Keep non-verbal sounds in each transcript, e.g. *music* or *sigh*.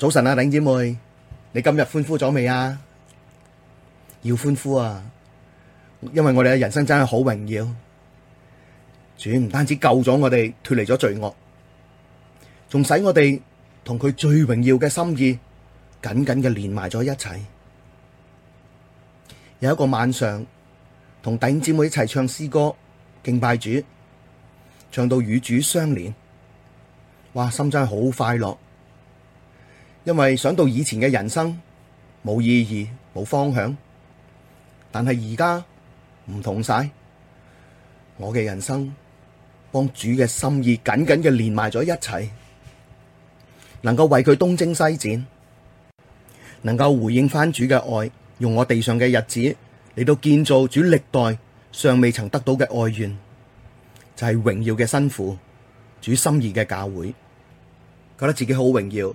早晨啊，頂姊妹，你今日歡呼咗未啊？要歡呼啊！因為我哋嘅人生真係好榮耀，主唔單止救咗我哋，脱離咗罪惡，仲使我哋同佢最榮耀嘅心意緊緊嘅連埋咗一齊。有一個晚上，同頂姊妹一齊唱詩歌敬拜主，唱到與主相連，哇，心真係好快樂。因為想到以前嘅人生冇意義、冇方向，但係而家唔同晒，我嘅人生幫主嘅心意緊緊嘅連埋咗一齊，能夠為佢東征西戰，能夠回應翻主嘅愛，用我地上嘅日子嚟到建造主歷代尚未曾得到嘅愛願，就係、是、榮耀嘅新婦，主心意嘅教會，覺得自己好榮耀。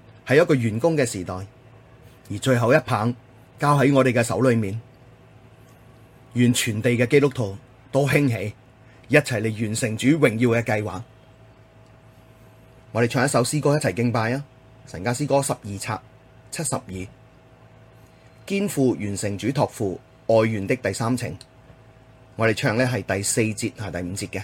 係一個完工嘅時代，而最後一棒交喺我哋嘅手裏面，願全地嘅基督徒都興起，一齊嚟完成主榮耀嘅計劃。我哋唱一首詩歌，一齊敬拜啊！神家詩歌十二冊七十二，肩負完成主托付愛願的第三程，我哋唱呢係第四節係第五節嘅。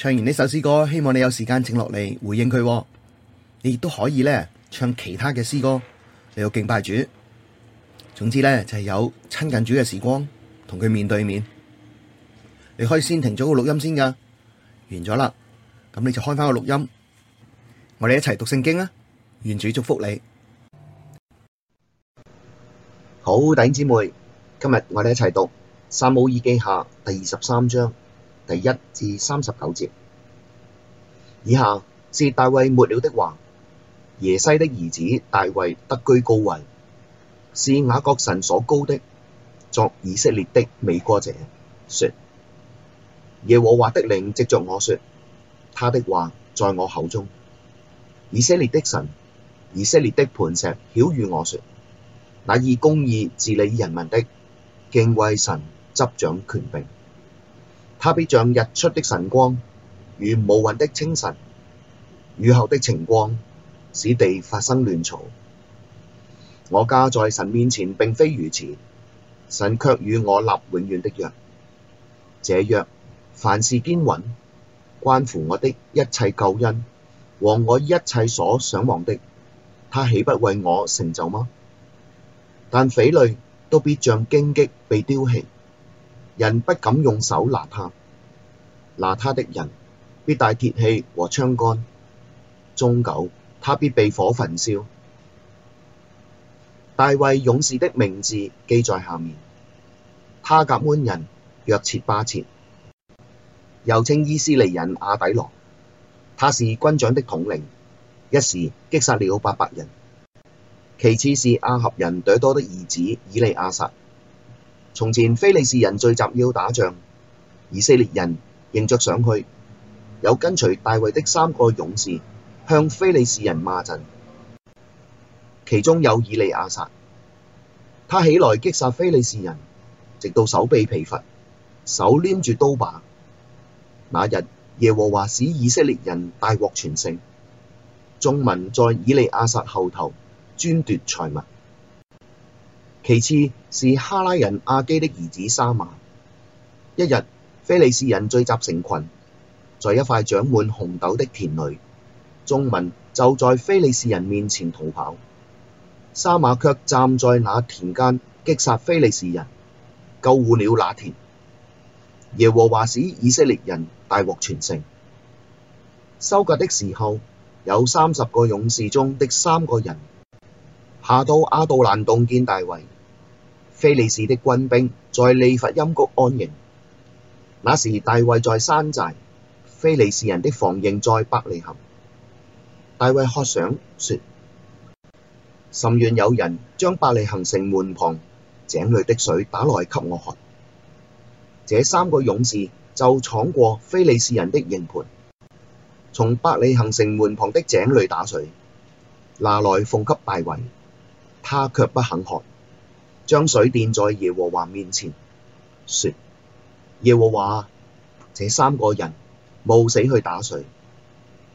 唱完呢首詩歌，希望你有時間靜落嚟回應佢。你亦都可以咧唱其他嘅詩歌，你有敬拜主。總之咧就係、是、有親近主嘅時光，同佢面對面。你可以先停咗個錄音先噶，完咗啦，咁你就開翻個錄音，我哋一齊讀聖經啊！願主祝福你。好，弟兄姊妹，今日我哋一齊讀撒母耳記下第二十三章。第一至三十九節。以下是大衛末了的話：耶西的兒子大衛得居高位，是雅各神所膏的，作以色列的美歌者。說：耶和華的靈藉着我說，他的話在我口中。以色列的神、以色列的磐石曉諭我說：那以公義治理人民的，敬畏神執掌權柄。他必像日出的晨光，如無雲的清晨，雨後的晴光，使地發生嫩草。我家在神面前並非如此，神卻與我立永遠的約。這約凡事堅穩，關乎我的一切救恩和我一切所想望的，他豈不為我成就嗎？但匪類都必像荊棘被丟棄。人不敢用手拿他，拿他的人必帶鐵器和槍桿。終久，他必被火焚燒。大衛勇士的名字記在下面：他革捫人約設巴設，又稱伊斯尼人亞底挪，他是軍長的統領，一時擊殺了八百人；其次是亞合人朵多的兒子以利亞撒。從前非利士人聚集要打仗，以色列人迎着上去，有跟隨大衛的三個勇士向非利士人罵陣，其中有以利亞撒，他起來擊殺非利士人，直到手臂疲乏，手黏住刀把。那日耶和華使以色列人大獲全勝，眾民在以利亞撒後頭專奪財物。其次是哈拉人亞基的兒子沙馬。一日，非利士人聚集成群，在一塊長滿紅豆的田裡，眾民就在非利士人面前逃跑。沙馬却站在那田間擊殺非利士人，救護了那田。耶和華使以色列人大獲全勝。收割的時候，有三十個勇士中的三個人下到亞杜蘭洞見大衛。菲利士的軍兵在利弗音谷安營，那時大衛在山寨，菲利士人的防營在百里恒。大衛喝想說：甚願有人將百里恒城門旁井裏的水打來給我喝。這三個勇士就闖過菲利士人的營盤，從百里恒城門旁的井裏打水，拿來奉給大衛，他卻不肯喝。將水奠在耶和華面前，說：耶和華，這三個人冒死去打水，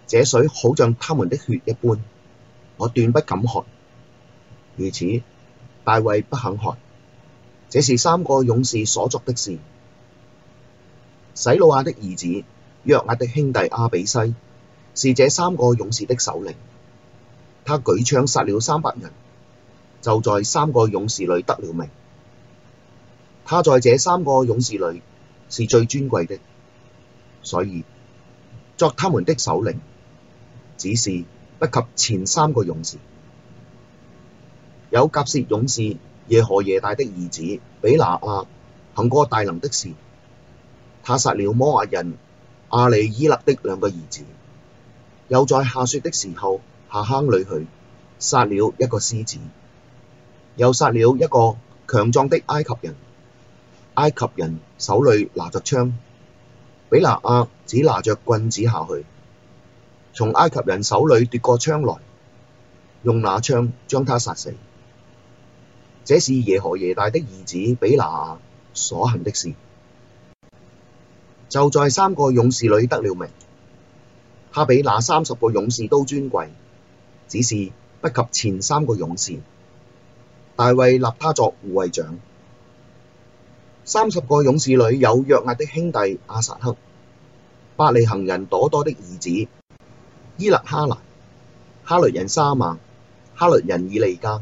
這水好像他們的血一般，我斷不敢喝。如此，大衛不肯喝。這是三個勇士所作的事。洗魯雅的兒子約押的兄弟亞比篩，是這三個勇士的首領，他舉槍殺了三百人。就在三個勇士裏得了名，他在這三個勇士裏是最尊貴的，所以作他們的首領，只是不及前三個勇士。有甲薛勇士耶何耶大的兒子比拿雅，行過大能的事，他殺了摩押人亞利伊勒的兩個兒子，又在下雪的時候下坑裏去殺了一個獅子。又殺了一個強壯的埃及人，埃及人手裏拿著槍，比拿雅只拿著棍子下去，從埃及人手裏奪過槍來，用那槍將他殺死。這是耶何耶大的兒子比拿雅所行的事，就在三個勇士裏得了名，他比那三十個勇士都尊貴，只是不及前三個勇士。大衛立他作護衛長。三十個勇士裏有約押的兄弟亞撒黑、伯利恆人朵多的兒子伊勒哈難、哈律人沙瑪、哈律人以利加、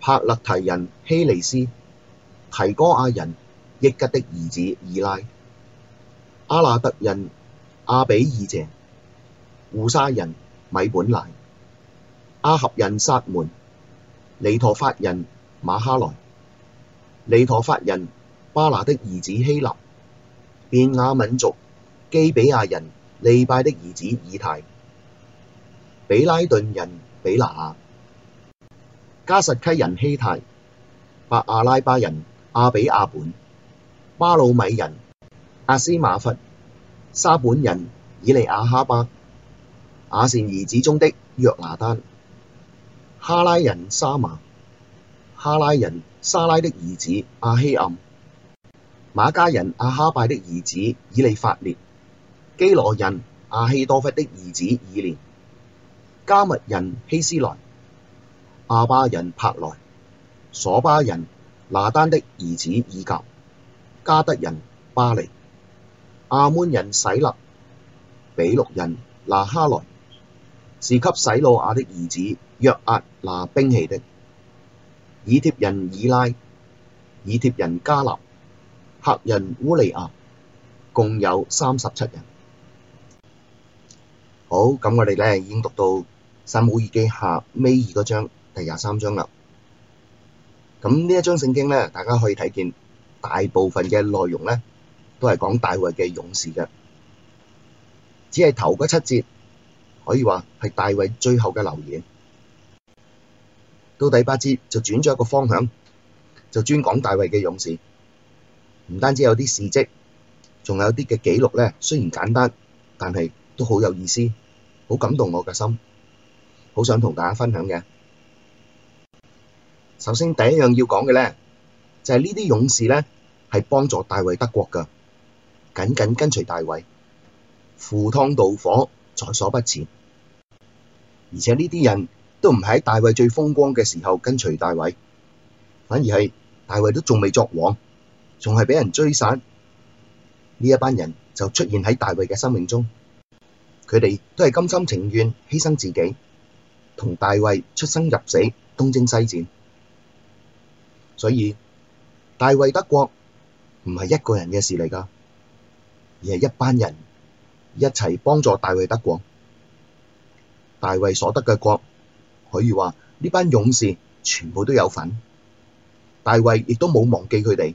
帕勒提人希利斯、提哥亞人益吉的兒子以拉、亞拿突人亞比以謝、戶沙人米本乃、亞合人撒門。尼陀法人瑪哈萊、尼陀法人巴拿的兒子希立、便雅憫族基比亞人利拜的兒子以太、比拉頓人比拿雅、迦實溪人希太、伯亞拉巴人亞比亞本、巴魯米人押斯瑪弗，沙本人以利雅哈巴，雅善兒子中的約拿單。哈拉人沙瑪，哈拉人沙拉的兒子亞希暗，瑪迦人亞哈拜的兒子以利法列，基羅人亞希多弗的兒子以連，迦密人希斯萊，亞巴人帕萊，瑣巴人拿單的兒子以甲，迦得人巴尼，亞捫人洗勒，比錄人拿哈萊，是給洗魯雅的兒子。約押拿兵器的，以帖人以拉，以帖人迦立，赫人烏利亞，共有三十七人。好，咁我哋咧已經讀到《撒母耳記下》尾二嗰章，第廿三章啦。咁呢一章聖經咧，大家可以睇見大部分嘅內容咧都係講大衛嘅勇士嘅，只係頭嗰七節可以話係大衛最後嘅留言。到第八節就轉咗一個方向，就專講大衛嘅勇士。唔單止有啲事蹟，仲有啲嘅記錄咧。雖然簡單，但係都好有意思，好感動我嘅心，好想同大家分享嘅。首先第一樣要講嘅咧，就係呢啲勇士咧，係幫助大衛得國嘅，緊緊跟隨大衛，赴湯蹈火，在所不辭。而且呢啲人，都唔係喺大衛最風光嘅時候跟隨大衛，反而係大衛都仲未作王，仲係俾人追殺。呢一班人就出現喺大衛嘅生命中。佢哋都係甘心情願犧牲自己，同大衛出生入死，東征西戰。所以大衛得國唔係一個人嘅事嚟噶，而係一班人一齊幫助大衛得國。大衛所得嘅國。可以話呢班勇士全部都有份，大衛亦都冇忘記佢哋。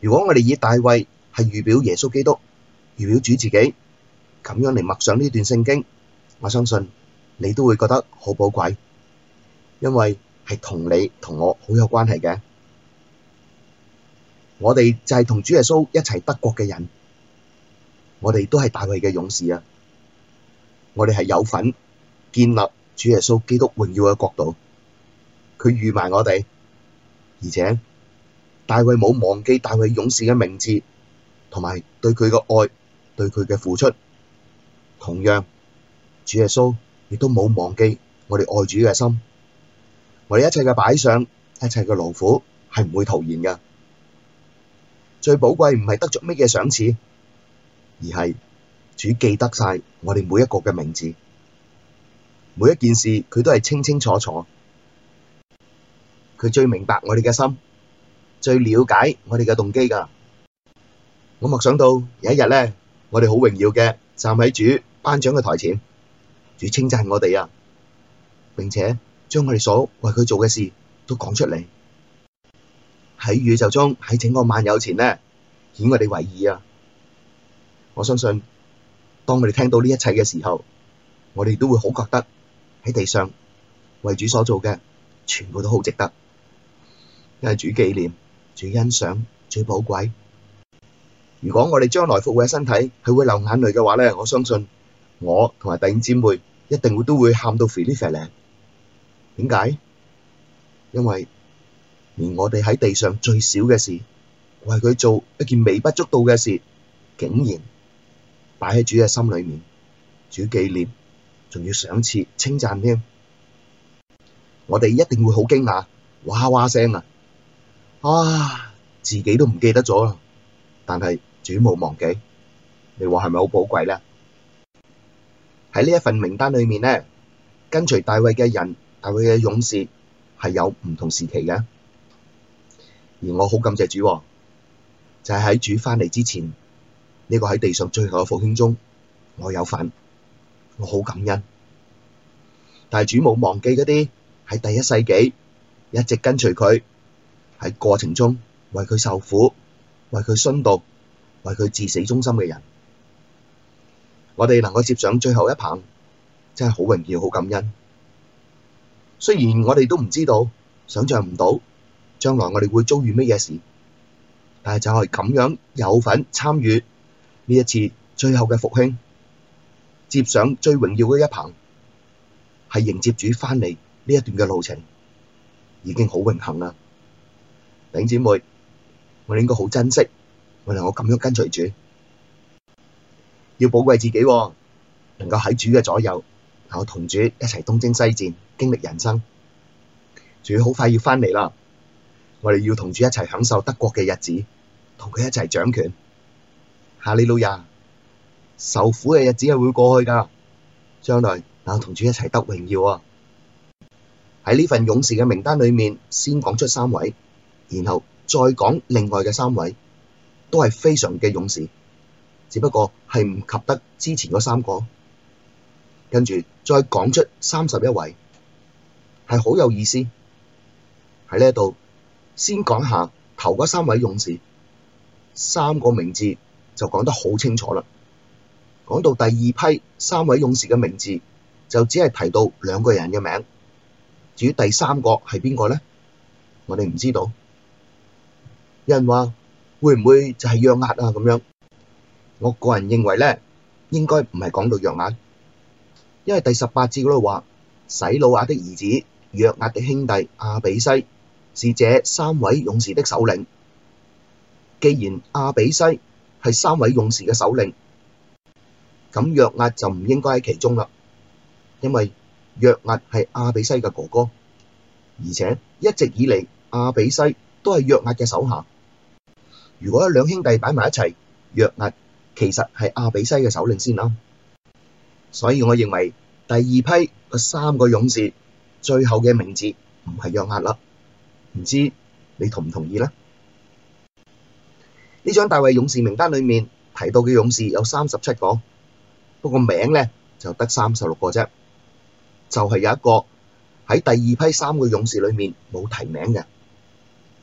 如果我哋以大衛係預表耶穌基督、預表主自己咁樣嚟默上呢段聖經，我相信你都會覺得好寶貴，因為係同你同我好有關係嘅。我哋就係同主耶穌一齊得國嘅人，我哋都係大衛嘅勇士啊！我哋係有份建立主耶穌基督榮耀嘅國度，佢預埋我哋，而且大衛冇忘記大衛勇士嘅名字，同埋對佢嘅愛，對佢嘅付出，同樣主耶穌亦都冇忘記我哋愛主嘅心，我哋一切嘅擺上，一切嘅勞苦係唔會徒然嘅，最寶貴唔係得着乜嘢賞賜，而係主記得晒我哋每一個嘅名字。每一件事佢都係清清楚楚，佢最明白我哋嘅心，最了解我哋嘅動機噶。我默想到有一日咧，我哋好榮耀嘅站喺主頒獎嘅台前，主稱讚我哋啊，並且將我哋所為佢做嘅事都講出嚟，喺宇宙中喺整個萬有前咧顯我哋為義啊！我相信，當我哋聽到呢一切嘅時候，我哋都會好覺得。喺地上為主所做嘅，全部都好值得，因為主紀念、主欣賞、主寶貴。如果我哋將來復活嘅身體，係會流眼淚嘅話咧，我相信我同埋弟兄姊妹一定會都會喊到肥呢肥呢。點解？因為連我哋喺地上最小嘅事，為佢做一件微不足道嘅事，竟然擺喺主嘅心裏面，主紀念。仲要賞賜稱讚添，我哋一定會好驚訝，哇哇聲啊！啊，自己都唔記得咗啦，但係主冇忘記，你話係咪好寶貴咧？喺呢一份名單裏面咧，跟隨大衛嘅人，大衛嘅勇士係有唔同時期嘅，而我好感謝主，就係喺主翻嚟之前，呢個喺地上最後嘅復興中，我有份。我好感恩，但係主冇忘記嗰啲喺第一世紀一直跟隨佢，喺過程中為佢受苦、為佢殉道、為佢至死忠心嘅人。我哋能夠接上最後一棒，真係好榮耀、好感恩。雖然我哋都唔知道、想象唔到將來我哋會遭遇乜嘢事，但係就係咁樣有份參與呢一次最後嘅復興。接上最榮耀嘅一棒，係迎接主翻嚟呢一段嘅路程，已經好榮幸啦，弟兄姊妹，我哋應該好珍惜，我哋我咁樣跟隨主，要寶貴自己，能夠喺主嘅左右，我同主一齊東征西戰，經歷人生，主好快要翻嚟啦，我哋要同主一齊享受得國嘅日子，同佢一齊掌權，哈利路亞。受苦嘅日子係會過去噶，將來嗱同主一齊得榮耀啊！喺呢份勇士嘅名單裏面，先講出三位，然後再講另外嘅三位，都係非常嘅勇士，只不過係唔及得之前嗰三個。跟住再講出三十一位，係好有意思。喺呢度先講下頭嗰三位勇士，三個名字就講得好清楚啦。講到第二批三位勇士嘅名字，就只係提到兩個人嘅名，至於第三個係邊個呢？我哋唔知道。有人話會唔會就係約押啊咁樣？我個人認為咧，應該唔係講到約押，因為第十八節嗰度話洗魯雅的兒子約押的兄弟亞比篩，是這三位勇士的首領。既然亞比篩係三位勇士嘅首領，咁約押就唔應該喺其中啦，因為約押係亞比篩嘅哥哥，而且一直以嚟亞比篩都係約押嘅手下。如果兩兄弟擺埋一齊，約押其實係亞比篩嘅首領先啦。所以，我認為第二批嘅三個勇士最後嘅名字唔係約押啦。唔知你同唔同意呢？呢張大衛勇士名單裡面提到嘅勇士有三十七個。不過名咧就得三十六個啫，就係有、就是、有一個喺第二批三個勇士裡面冇提名嘅，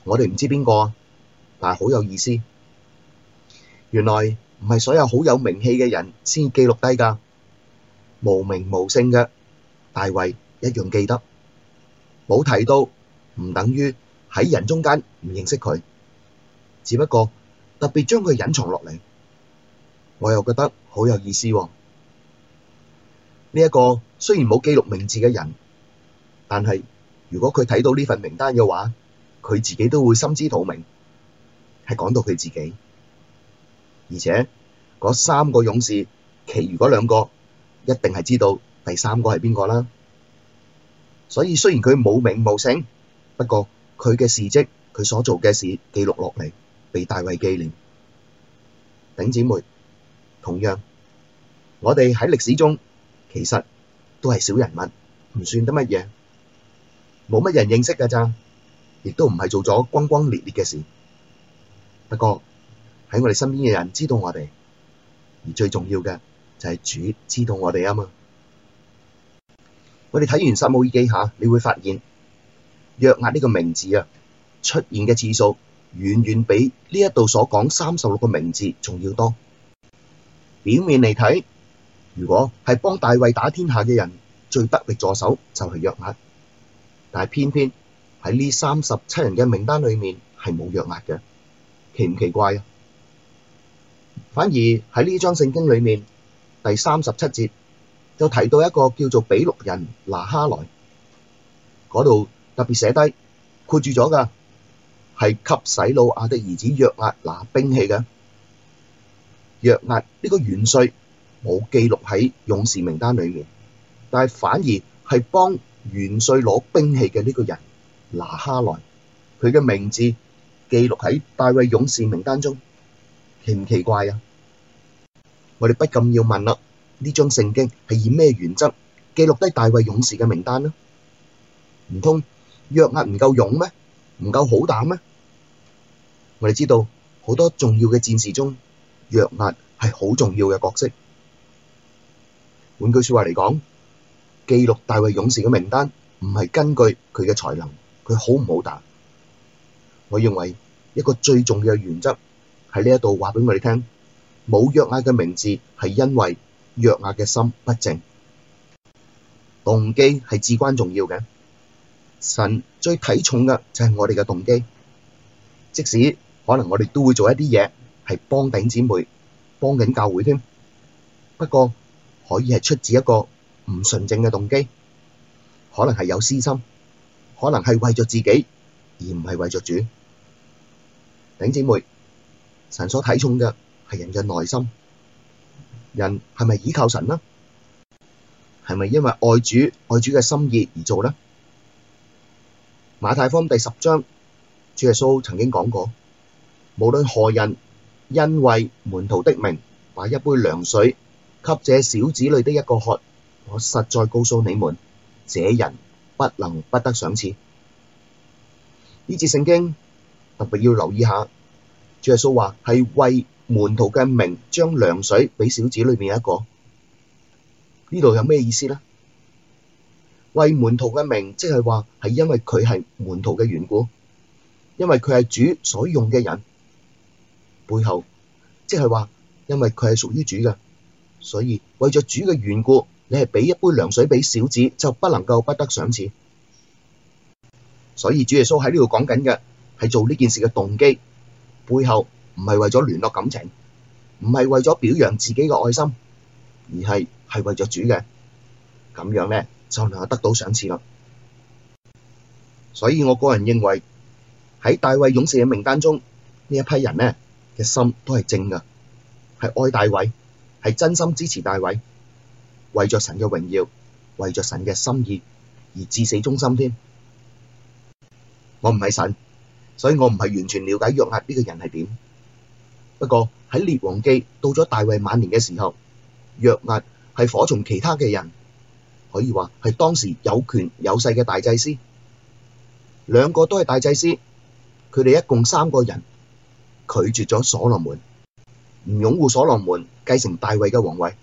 我哋唔知邊個、啊，但係好有意思。原來唔係所有好有名氣嘅人先記錄低噶，無名無姓嘅大衛一樣記得，冇提到唔等於喺人中間唔認識佢，只不過特別將佢隱藏落嚟，我又覺得好有意思喎、啊。呢一個雖然冇記錄名字嘅人，但係如果佢睇到呢份名單嘅話，佢自己都會心知肚明，係講到佢自己。而且嗰三個勇士，其餘嗰兩個一定係知道第三個係邊個啦。所以雖然佢冇名冇姓，不過佢嘅事蹟，佢所做嘅事記錄落嚟，被大衛紀念。弟姊妹，同樣我哋喺歷史中。其實都係小人物，唔算得乜嘢，冇乜人認識噶咋，亦都唔係做咗轟轟烈烈嘅事。不過喺我哋身邊嘅人知道我哋，而最重要嘅就係主知道我哋啊嘛。 *music* 我哋睇完撒母耳記下，你會發現約押呢個名字啊出現嘅次數，遠遠比呢一度所講三十六個名字仲要多。表面嚟睇，如果係幫大衛打天下嘅人，最得力助手就係約押，但係偏偏喺呢三十七人嘅名單裡面係冇約押嘅，奇唔奇怪啊？反而喺呢章聖經裡面第三十七節就提到一個叫做比錄人拿哈萊，嗰度特別寫低，括住咗㗎，係給洗魯雅的兒子約押拿兵器嘅。約押呢個元帥。冇記錄喺勇士名單裏面，但係反而係幫元帥攞兵器嘅呢個人拿哈萊，佢嘅名字記錄喺大衛勇士名單中，奇唔奇怪啊？我哋不禁要問啦：呢張聖經係以咩原則記錄低大衛勇士嘅名單呢？唔通約押唔夠勇咩？唔夠好膽咩？我哋知道好多重要嘅戰士中，約押係好重要嘅角色。換句說話嚟講，記錄大衛勇士嘅名單唔係根據佢嘅才能，佢好唔好打？我認為一個最重要嘅原則喺呢一度話俾我哋聽：冇約押嘅名字係因為約押嘅心不靜，動機係至關重要嘅。神最睇重嘅就係我哋嘅動機，即使可能我哋都會做一啲嘢係幫頂姊妹、幫緊教會添，不過。可以係出自一個唔純正嘅動機，可能係有私心，可能係為咗自己而唔係為咗主。頂姐妹，神所睇重嘅係人嘅內心，人係咪依靠神呢？係咪因為愛主、愛主嘅心意而做呢？馬太福音第十章，主耶穌曾經講過：無論何人因為門徒的名把一杯涼水，給這小子裏的一個喝，我實在告訴你們，這人不能不得賞賜。呢節聖經特別要留意下，主耶穌話係為門徒嘅名將涼水畀小子裏面一個。呢度有咩意思呢？為門徒嘅名，即係話係因為佢係門徒嘅緣故，因為佢係主所用嘅人，背後即係話因為佢係屬於主嘅。所以為咗主嘅緣故，你係俾一杯涼水俾小子，就不能夠不得賞賜。所以主耶穌喺呢度講緊嘅係做呢件事嘅動機背後，唔係為咗聯絡感情，唔係為咗表揚自己嘅愛心，而係係為咗主嘅，咁樣呢就能夠得到賞賜啦。所以我個人認為喺大衛勇士嘅名單中，呢一批人呢嘅心都係正㗎，係愛大衛。係真心支持大衛，為着神嘅榮耀，為着神嘅心意而至死忠心添。我唔係神，所以我唔係完全了解約押呢個人係點。不過喺列王記到咗大衛晚年嘅時候，約押係火從其他嘅人，可以話係當時有權有勢嘅大祭司。兩個都係大祭司，佢哋一共三個人拒絕咗所羅門。唔擁護所羅門繼承大衛嘅皇位，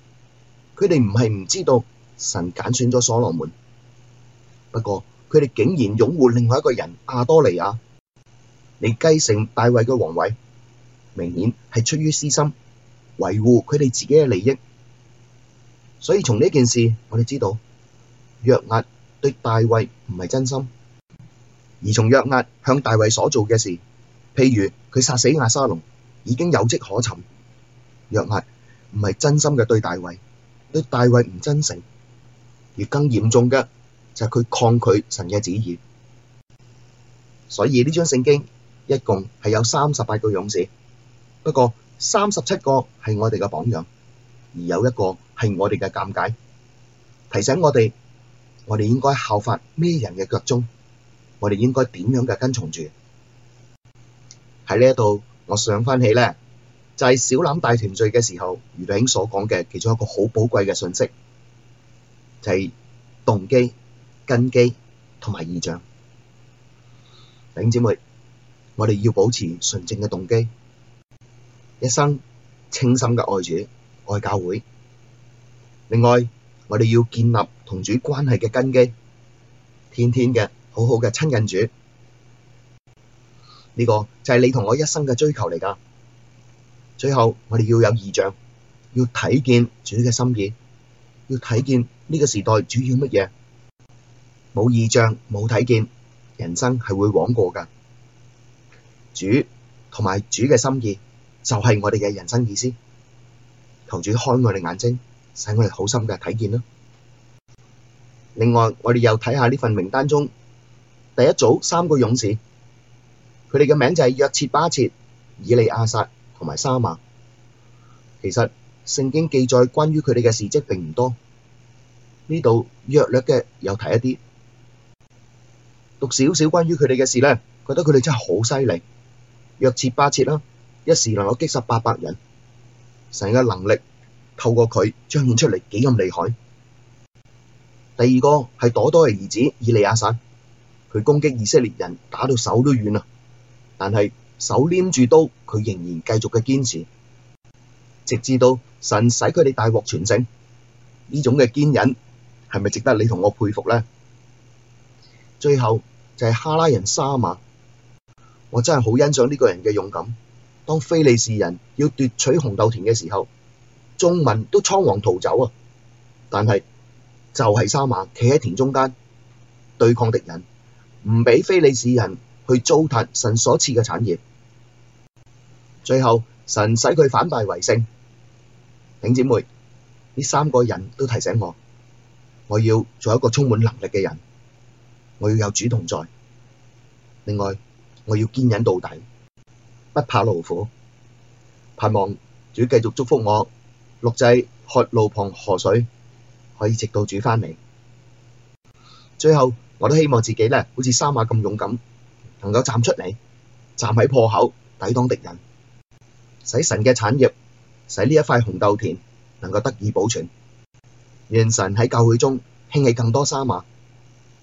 佢哋唔係唔知道神揀選咗所羅門，不過佢哋竟然擁護另外一個人亞多利亞嚟繼承大衛嘅皇位，明顯係出於私心維護佢哋自己嘅利益。所以從呢件事，我哋知道約押對大衛唔係真心，而從約押向大衛所做嘅事，譬如佢殺死阿沙龍，已經有跡可尋。若唔係唔係真心嘅對大衛，對大衛唔真誠，而更嚴重嘅就係佢抗拒神嘅旨意。所以呢章聖經一共係有三十八個勇士，不過三十七個係我哋嘅榜樣，而有一個係我哋嘅尷尬，提醒我哋我哋應該效法咩人嘅腳蹤，我哋應該點樣嘅跟從住。喺呢一度，我想翻起咧。就係小欖大團聚嘅時候，馮所講嘅其中一個好寶貴嘅信息，就係、是、動機、根基同埋異象。弟兄姊妹，我哋要保持純正嘅動機，一生清心嘅愛主、愛教會。另外，我哋要建立同主關係嘅根基，天天嘅好好嘅親近主。呢、這個就係你同我一生嘅追求嚟㗎。最後，我哋要有異象，要睇見主嘅心意，要睇見呢個時代主要乜嘢。冇異象，冇睇見，人生係會枉過㗎。主同埋主嘅心意就係、是、我哋嘅人生意思。求主開我哋眼睛，使、就是、我哋好心嘅睇見啦。另外，我哋又睇下呢份名單中第一組三個勇士，佢哋嘅名就係約切巴切、以利亞撒，埋沙瑪，其實聖經記載關於佢哋嘅事跡並唔多，呢度約略嘅有提一啲，讀少少關於佢哋嘅事呢，覺得佢哋真係好犀利，約設巴設啦，一時能夠擊殺八百人，神嘅能力透過佢彰顯出嚟幾咁厲害。第二個係朵多嘅兒子以利亞撒，佢攻擊以色列人打到手都軟啦，但係，手黏住刀，佢仍然繼續嘅堅持，直至到神使佢哋大獲全勝。呢種嘅堅忍，係咪值得你同我佩服呢？最後就係哈拉人沙馬，我真係好欣賞呢個人嘅勇敢。當非利士人要奪取紅豆田嘅時候，眾民都倉皇逃走啊！但係就係沙馬，企喺田中間對抗敵人，唔俾非利士人去糟蹋神所賜嘅產業，最後神使佢反敗為勝。弟兄姊妹，呢三個人都提醒我，我要做一個充滿能力嘅人，我要有主同在。另外，我要堅忍到底，不怕勞苦，盼望主繼續祝福我，落制喝路旁河水，可以直到主翻嚟。最後，我都希望自己呢，好似沙瑪咁勇敢。能夠站出嚟，站喺破口抵擋敵人，使神嘅產業，使呢一塊紅豆田能夠得以保存，願神喺教會中興起更多沙馬，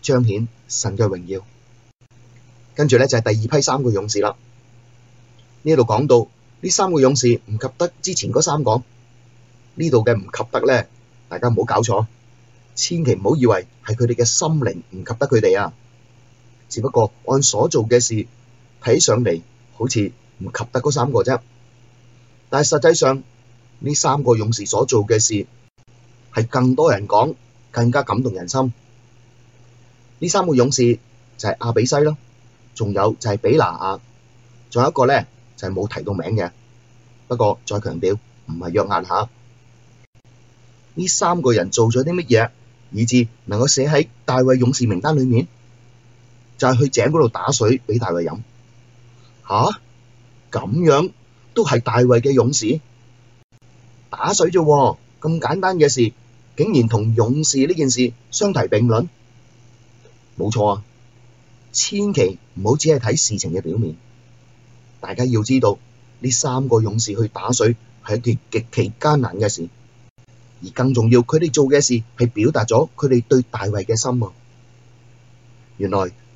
彰顯神嘅榮耀。跟住咧就係第二批三個勇士啦。呢度講到呢三個勇士唔及得之前嗰三個，呢度嘅唔及得咧，大家唔好搞錯，千祈唔好以為係佢哋嘅心靈唔及得佢哋啊。只不過按所做嘅事睇上嚟，好似唔及得嗰三個啫。但係實際上，呢三個勇士所做嘅事係更多人講，更加感動人心。呢三個勇士就係亞比篩囉，仲有就係比拿雅，仲有一個咧就係冇提到名嘅。不過再強調，唔係約押吓。呢三個人做咗啲乜嘢，以致能夠寫喺大衛勇士名單裡面？就係去井嗰度打水俾大衛飲吓，咁樣都係大衛嘅勇士打水啫。咁簡單嘅事竟然同勇士呢件事相提並論，冇錯啊！千祈唔好只係睇事情嘅表面，大家要知道呢三個勇士去打水係一件極其艱難嘅事，而更重要，佢哋做嘅事係表達咗佢哋對大衛嘅心啊！原來。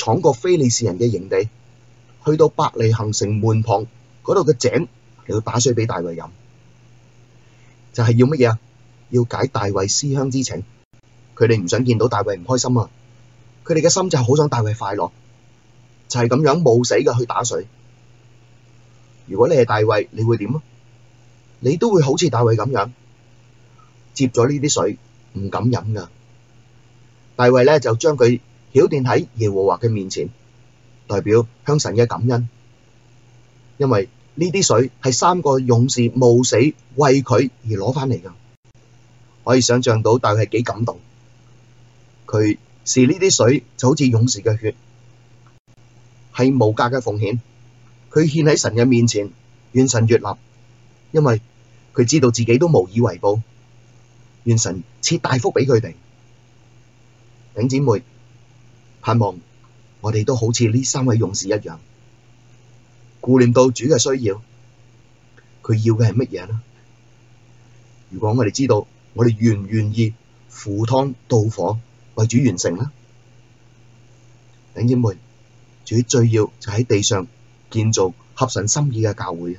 闖過非利士人嘅營地，去到伯利恆城門旁嗰度嘅井嚟到打水俾大衛飲，就係要乜嘢啊？要解大衛思鄉之情。佢哋唔想見到大衛唔開心啊！佢哋嘅心就好想大衛快樂，就係咁樣冒死嘅去打水。如果你係大衛，你會點啊？你都會好似大衛咁樣接咗呢啲水唔敢飲噶。大衛咧就將佢。澆奠喺耶和華嘅面前，代表向神嘅感恩，因為呢啲水係三個勇士冒死為佢而攞翻嚟噶，可以想象到大衛係幾感動。佢視呢啲水就好似勇士嘅血，係無價嘅奉獻。佢獻喺神嘅面前，願神悅納，因為佢知道自己都無以為報，願神賜大福俾佢哋。頂姐妹。盼望我哋都好似呢三位勇士一樣顧念到主嘅需要，佢要嘅係乜嘢咧？如果我哋知道，我哋願唔願意赴湯蹈火為主完成咧？弟兄姊妹，主最要就喺地上建造合神心意嘅教會。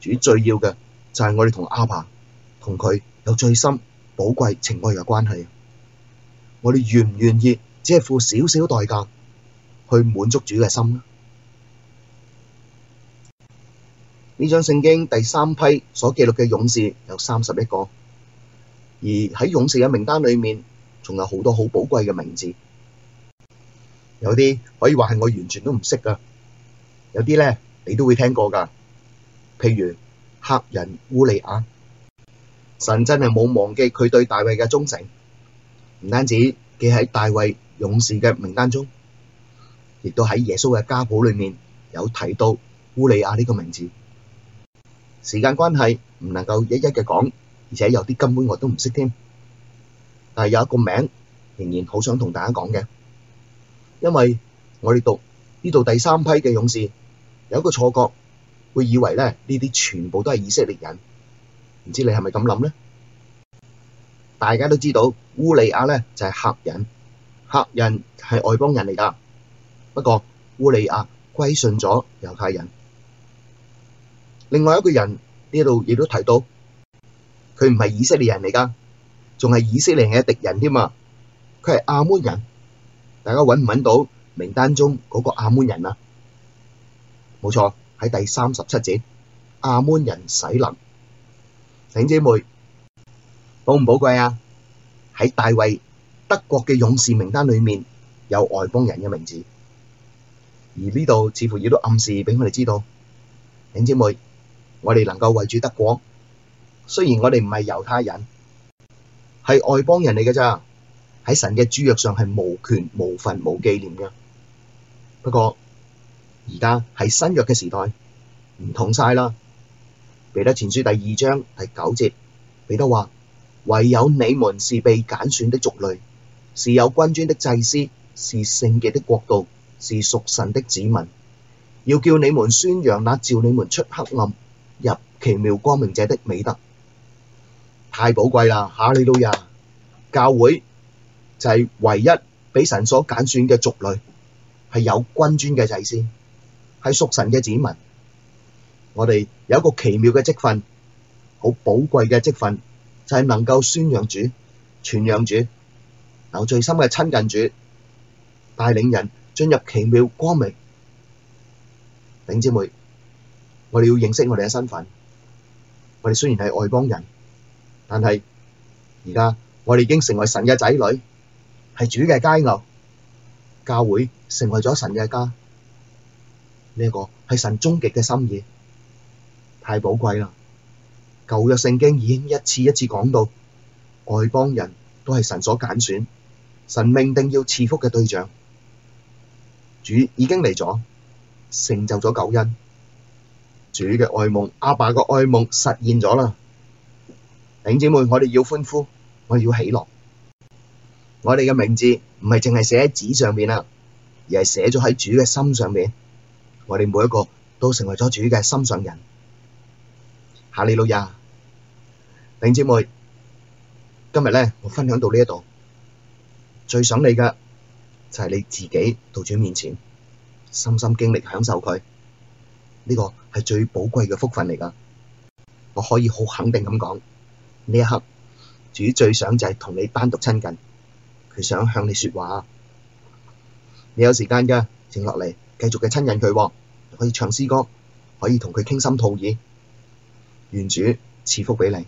主最要嘅就係我哋同阿爸同佢有最深寶貴情愛嘅關係。我哋願唔願意？只係付少少代價去滿足主嘅心。呢章聖經第三批所記錄嘅勇士有三十一個，而喺勇士嘅名單裏面，仲有好多好寶貴嘅名字，有啲可以話係我完全都唔識噶，有啲咧你都會聽過噶，譬如赫人烏利亞，神真係冇忘記佢對大衛嘅忠誠，唔單止記喺大衛。勇士嘅名單中，亦都喺耶穌嘅家譜裏面有提到烏利亞呢個名字。時間關係唔能夠一一嘅講，而且有啲根本我都唔識添。但係有一個名仍然好想同大家講嘅，因為我哋讀呢度第三批嘅勇士有一個錯覺，會以為咧呢啲全部都係以色列人。唔知你係咪咁諗咧？大家都知道烏利亞咧就係、是、赫人。赫人係外邦人嚟㗎，不過烏利亞歸信咗猶太人。另外一個人呢度亦都提到，佢唔係以色列人嚟㗎，仲係以色列嘅敵人添啊！佢係亞捫人，大家揾唔揾到名單中嗰個亞捫人啊？冇錯，喺第三十七節，亞捫人洗勒。醒姐妹，寶唔寶貴啊？喺大衛。大衛嘅勇士名單裏面有外邦人嘅名字，而呢度似乎亦都暗示畀我哋知道，兄姊妹，我哋能夠圍住大衛，雖然我哋唔係猶太人，係外邦人嚟嘅咋，喺神嘅諸約上係無權、無份、無紀念嘅。不過而家喺新約嘅時代，唔同晒啦。彼得前書第二章第九節，彼得話：唯有你們是被揀選的族類。是有君尊的祭司，是聖潔的國度，是屬神的子民。要叫你們宣揚那召你們出黑暗入奇妙光明者的美德，太寶貴啦！哈利路亞！教會就係唯一俾神所揀選嘅族類，係有君尊嘅祭司，係屬神嘅子民。我哋有一個奇妙嘅職分，好寶貴嘅職分，就係能夠宣揚主、傳揚主。有最深嘅親近主帶領人進入奇妙光明，弟兄姊妹，我哋要認識我哋嘅身份。我哋雖然係外邦人，但係而家我哋已經成為神嘅仔女，係主嘅佳偶，教會成為咗神嘅家。呢一個係神終極嘅心意，太寶貴啦！舊約聖經已經一次一次講到外邦人。都係神所揀選，神命定要賜福嘅對象。主已經嚟咗，成就咗救恩。主嘅愛願，阿爸個愛願實現咗啦。弟兄姊妹，我哋要歡呼，我哋要喜樂。我哋嘅名字唔係淨係寫喺紙上面啊，而係寫咗喺主嘅心上面。我哋每一個都成為咗主嘅心上人。哈利路亞，弟兄姊妹。今日咧，我分享到呢一度，最想你嘅就係你自己，到主面前，深深經歷享受佢，呢個係最寶貴嘅福分嚟噶。我可以好肯定咁講，呢一刻主最想就係同你單獨親近，佢想向你說話。你有時間嘅，靜落嚟繼續嘅親近佢，可以唱詩歌，可以同佢傾心吐意。願主賜福俾你。